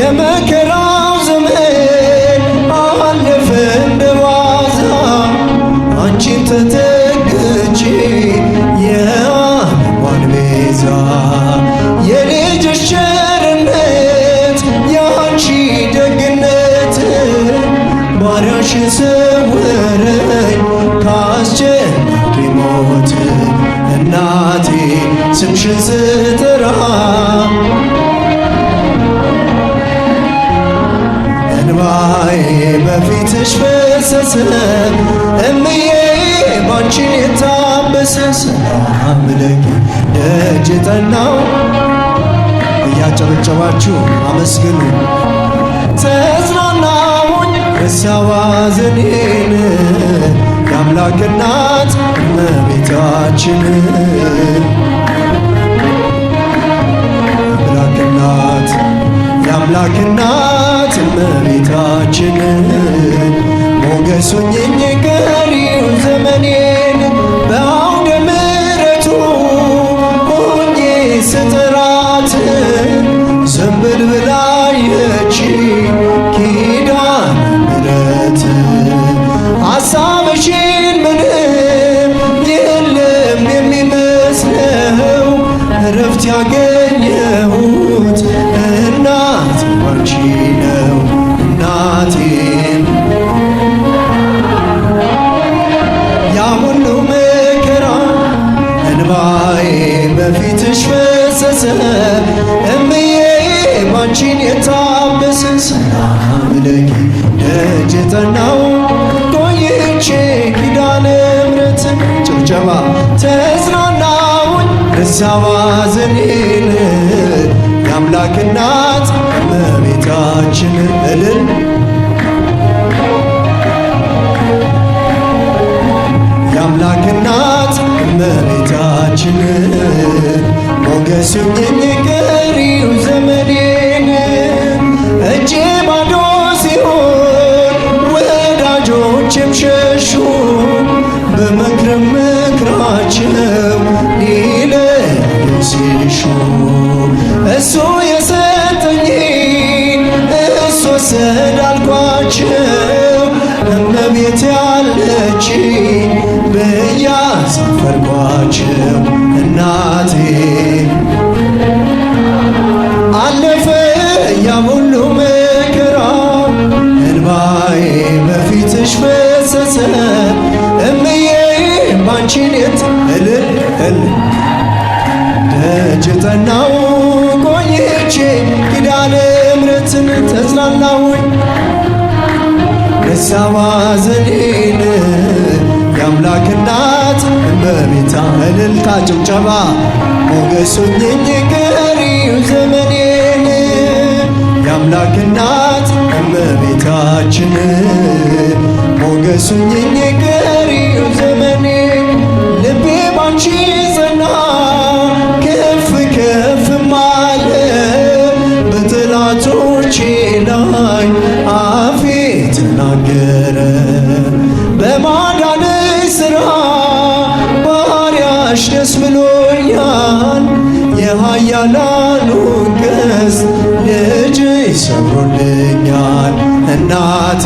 የመከራው ዘመን አለፈ እንደ ዋዛ አንቺን ተተክቼ የዓለሟን ቤዛ የልጅሽ ቸርነት የአንቺ ደግነት ባሪያሽን ሰወረኝ ካስጨናቂ ሞት እናቴ ስምሽን ፍቅርሽ ፈሰሰ እምዬ ባንቺ የታመሰ ሰላም ለኝ ደጅ ጠናው እያጨበጨባችሁ አመስግኑ ተጽናናሁኝ እሳዋዘኔን የአምላክ እናት እመቤታችን አምላክ እናት የአምላክ እናት እመቤታችን ሞገሱኝኝ ቀሪው ዘመኔን በአውደ ምሕረቱ ሆኜ ስጠ ሰላም ለኪ ደጅ ጠናው ቆይቼ ኪዳነ ምሕረትን ጭብጨባ ተጽናናውን እዛባ ዘኔን የአምላክ እናት እመቤታችን እልል የአምላክ እናት እመቤታችን ሞገሱኝ እንዳልኳቸው እመቤት ያለች ብያሳፈርኳቸው እናቴ አለፈ ያ ሁሉ መከራ እንባዬ በፊትሽ ፈሰሰ እምዬ ባንቺ እልል እልል ደጅ ጠናው በፊትን ተጽናናሁኝ ከሳባ የአምላክ እናት እመቤታ እልልታ ጭብጨባ ሞገሱኝኝ ቀሪው ዘመኔን የአምላክ እናት እመቤታችን ሞገሱኝኝ ቀሪው ዘመኔን ልቤ ባንቺ ላይ አፌ ተናገረ በማዳንሽ ሥራ ባሪያሽ ደስ ብሎኛል። የኃያላኑ ገስ ልጅ ሰብሮልኛል እናቴ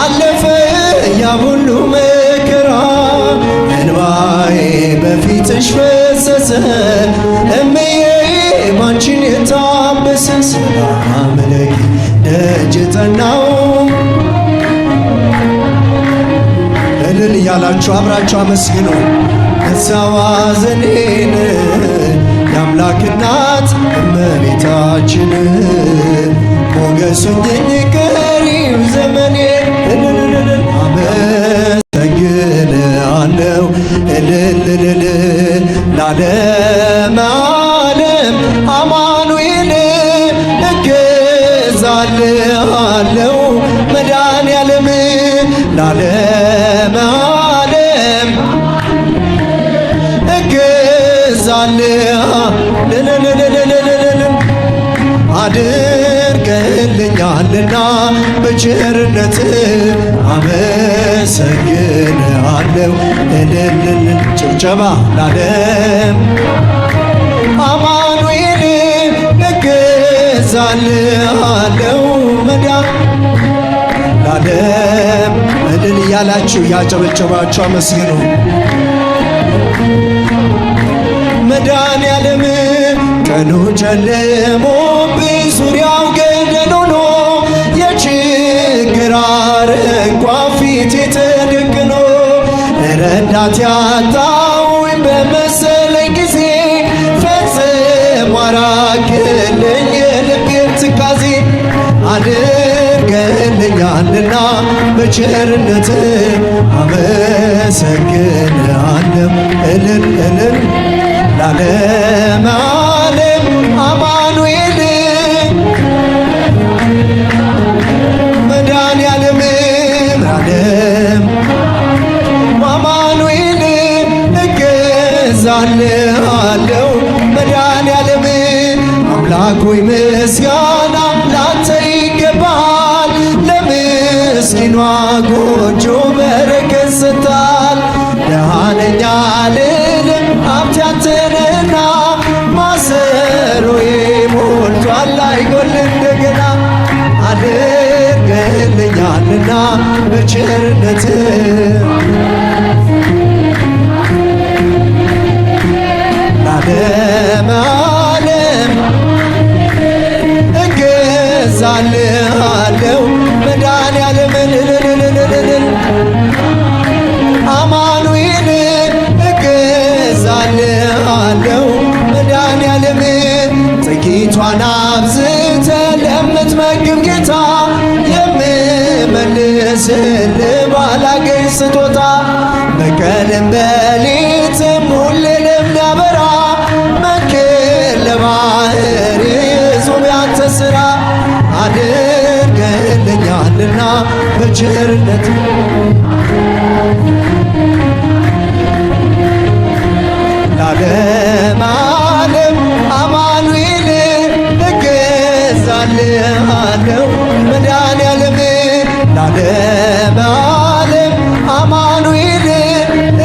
አለፈ ያ ሁሉ መከራ እንባዬ በፊትሽ ፈሰሰ የጸናው እልል እያላችሁ አብራችሁ አመስግኑ። መታዋዘኔን የአምላክ እናት እመቤታችን ሞገሱ ቀሪው ዘመኔ አመሰግናለሁ እልል እልል ላለ ይበዛል አድርገልኛልና በቸርነት አመሰግንሃለሁ። እልልል ጭብጨባ ላለም አማኑኤል ንገዛልሃለው መዳ ላለም እልል እያላችሁ ያጨበጨባችሁ አመስግኑ። ያለም ቀኑ ጨልሞ ብዙሪያው ገደል ሆኖ የችግር አረንቋ ፊት ተደቅኖ ረዳት ያጣው በመሰለኝ ጊዜ ፈጽሞ አራቅልኝ የልቤን ትካዜ አድርገልኛልና በቸርነት አመሰግንሃለሁ እልል እልል ለዓለም ዓለም አማኑኤል መድኃኒዓለም ዓለም አማኑኤል እገዛለሁ መድኃኒዓለም አምላክ ሆይ ምስጋና ላንተ ይገባል ለምስኪኗ በቸርነት ለዓለም ዓለም እገዛልሃለው መድኃኔዓለምን አማኑኤልን እገዛልሃለው መድኃኔዓለምን ጥቂቷን አብዝተ ለምትመግ ምስል ባላገኝ ስጦታ በቀንም በሌትም ሁሌንም ዳበራ መክር ለባህር የዙም ያንተ ሥራ አድርገህልኛልና በቸርነት ለዓለም ዓለም አማኑኤል እገዛልሃለሁ ለዓለም አማኑኤል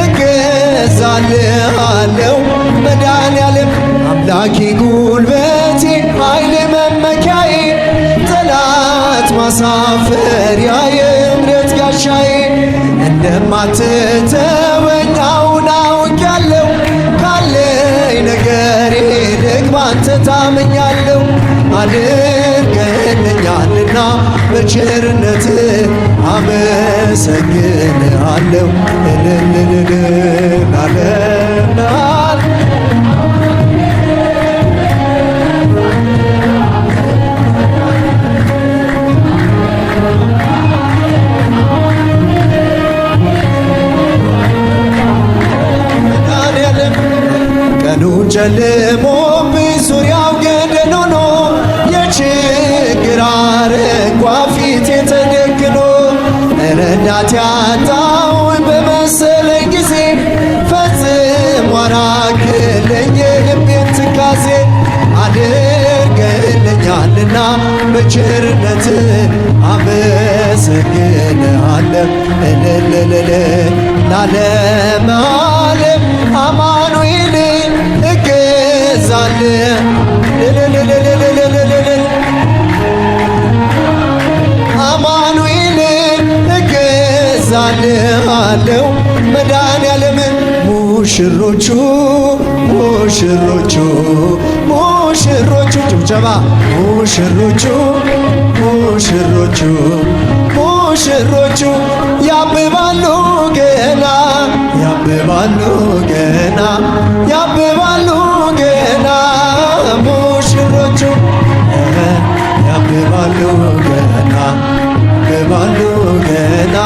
እገዛልሃለው መድኃኔዓለም አምላኬ ጉልበቴ ኃይሌ መመኪያዬ ጠላት ማሳፈሪያ የእምረት ጋሻዬ እንደማትተወኝ አሁን አውቃለሁ ካለኝ ነገሬ ደግማ አንተ ታመኛለሁ አለ ረድተኛልና በቸርነት አመሰግን አለው ረዳት ያጣው በመሰለ ጊዜ ፈጽሞ አራክልኝ የልቤን ትካዜ አድርገልኛልና በቸርነት አመሰግንሃለሁ እልልልል ላለማለም አማኑኤል እገዛለሁ ሙሽሮቹ ሙሽሮቹ ሙሽሮቹ ጭብጨባ ሙሽሮቹ ሙሽሮቹ ሙሽሮቹ ያብባሉ ገና ያብባሉ ገና ያብባሉ ገና ሙሽሮቹ ያብባሉ ገና ያብባሉ ገና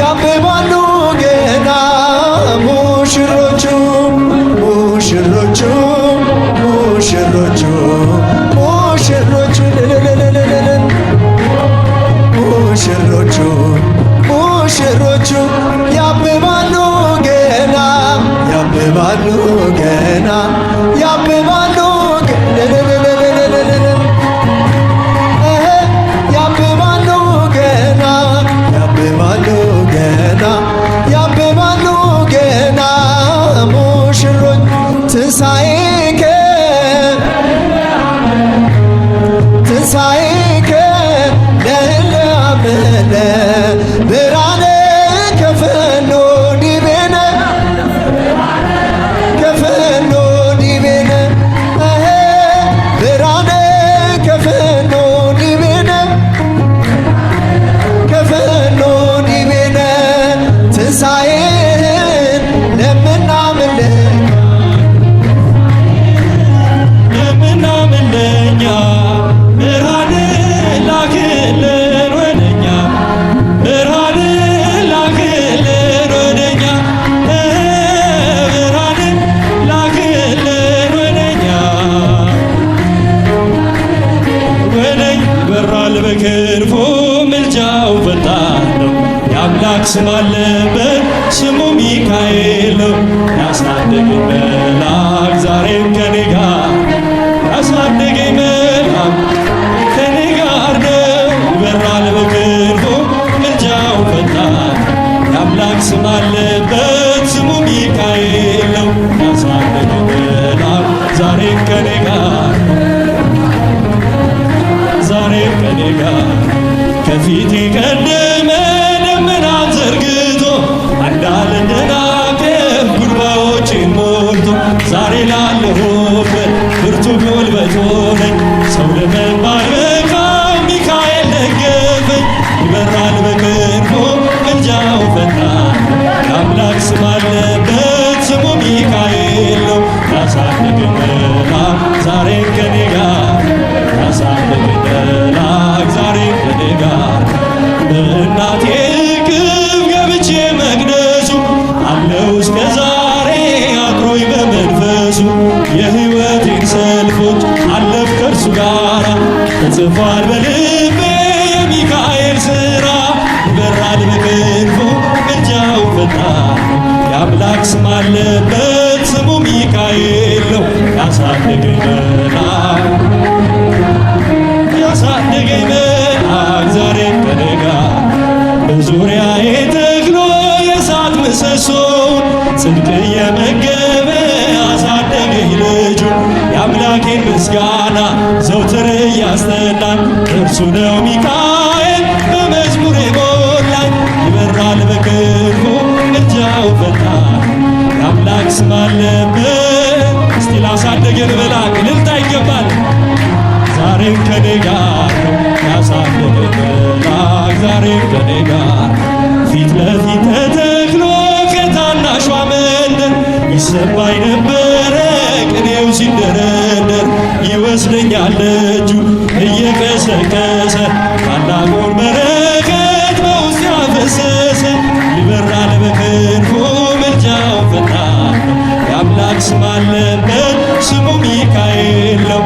ያብባሉ ዛሬ ከኔ ጋር ዛሬም ከኔ ጋር ከፊቴ ቀደመ ደመናን ዘርግቶ አንዳል እንደናቀ ጉድባዎችን ሞልቶ ዛሬ ጽድቅ የመገበ አሳደገኝ ልጁ የአምላኬን ምስጋና ዘውትር እያስጠናኝ እርሱ ነው ሚካኤል በመዝሙር የሞላኝ ይበራል በክንፉ ምልጃው ፈጣን የአምላክ ስም አለበት እስቲ ላሳደገን በላ እልልታ ይገባል ዛሬም ከኔ ጋር ነው ያሳደገን በላ ዛሬም ከኔ ጋር ፊት ለፊት ሰማይ ነበረ ቅኔው ሲደረደር ይወስደኛል እጁ እየቀሰቀሰ ታላቁን በረከት በውስጥ ያፈሰሰ ይበራል በክንፎ ምልጃው ፈጣን የአምላክ ስም አለበት ስሙ ሚካኤል ነው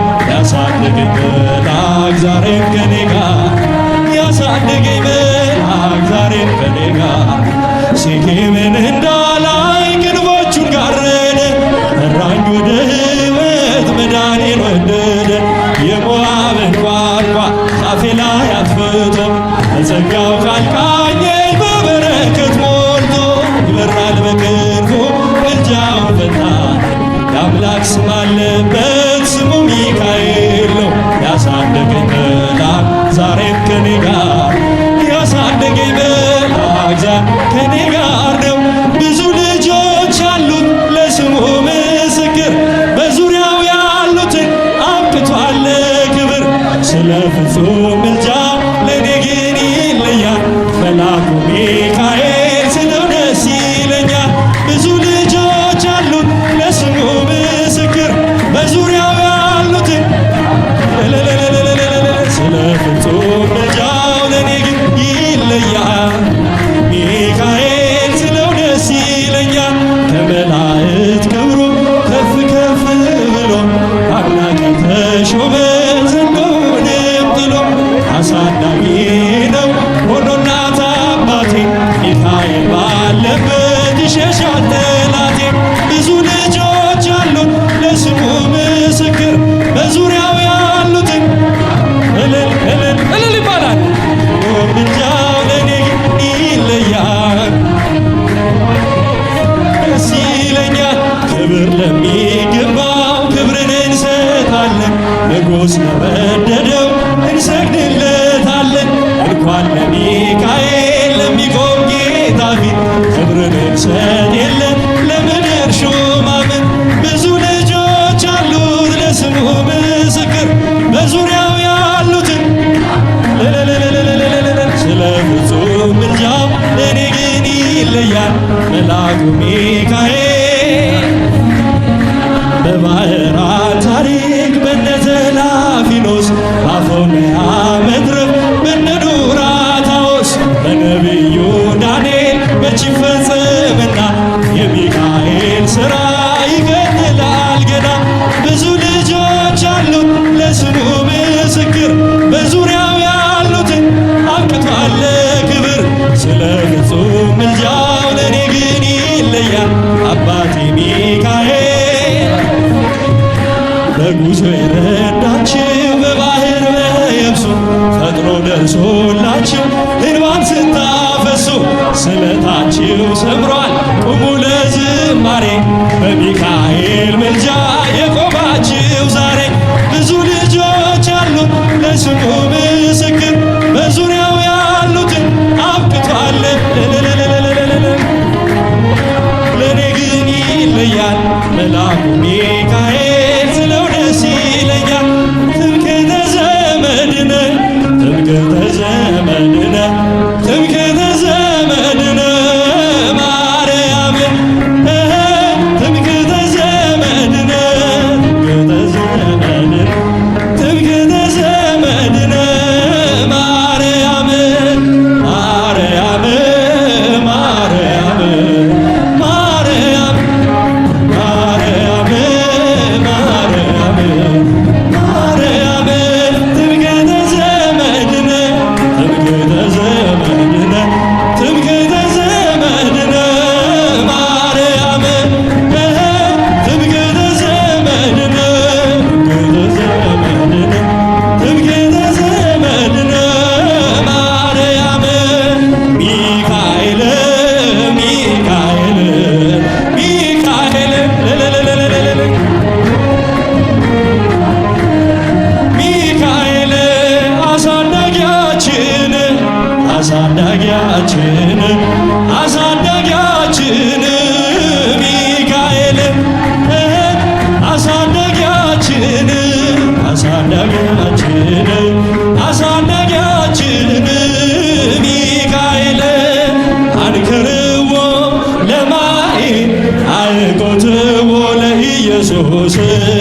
አብዝቶ በጸጋው ቃል በበረከት ሞልቶ ይበራል በክንፉ እርጃውን ፈታኝ የአምላክ ስም አለበት ስሙ ሚካኤል ነው። ያሳደገኝ መልአክ ዛሬም ከኔ ጋር ያሳደገኝ ከኔ ስለወደደው እንሰግድለታለን። እንኳን ለሚካኤል ለሚቆም ጌታ ፊት ክብርን እንሰጥ የለ ለምን እርሾ ማመን ብዙ ልጆች አሉት ለስሙ ምስክር በዙሪያው ያሉትን ስለ ፍጹም ምልጃው እኔ ግን ይለያል መላኩ ሚካ ማርያም አባቴ ሚካኤል በጉዞ የረዳችው በባህር በየብሱ ፈጥኖ ደርሶላችሁ እንባን ስታፈሱ ስለታችሁ ሰምሯል ቁሙ ለዝማሬ በሚካኤል ምልጃ የቆማችሁ ዛሬ ብዙ ልጆች አሉ ለስሙ ምስክር በዙሪያው ያሉትን አብቅቷል ይለያል መላኩ ሚካኤል ስለው ደስ ይለያል ትምክህተ ዘመድነ ትምክህተ ዘመድነ አባታችን አሳዳጊያችን ሚካኤል አሳዳጊያችን አሳዳጊያችን አሳዳጊያችን ሚካኤል አንክርዎ ለማይ አይቆትዎ ለኢየሱስ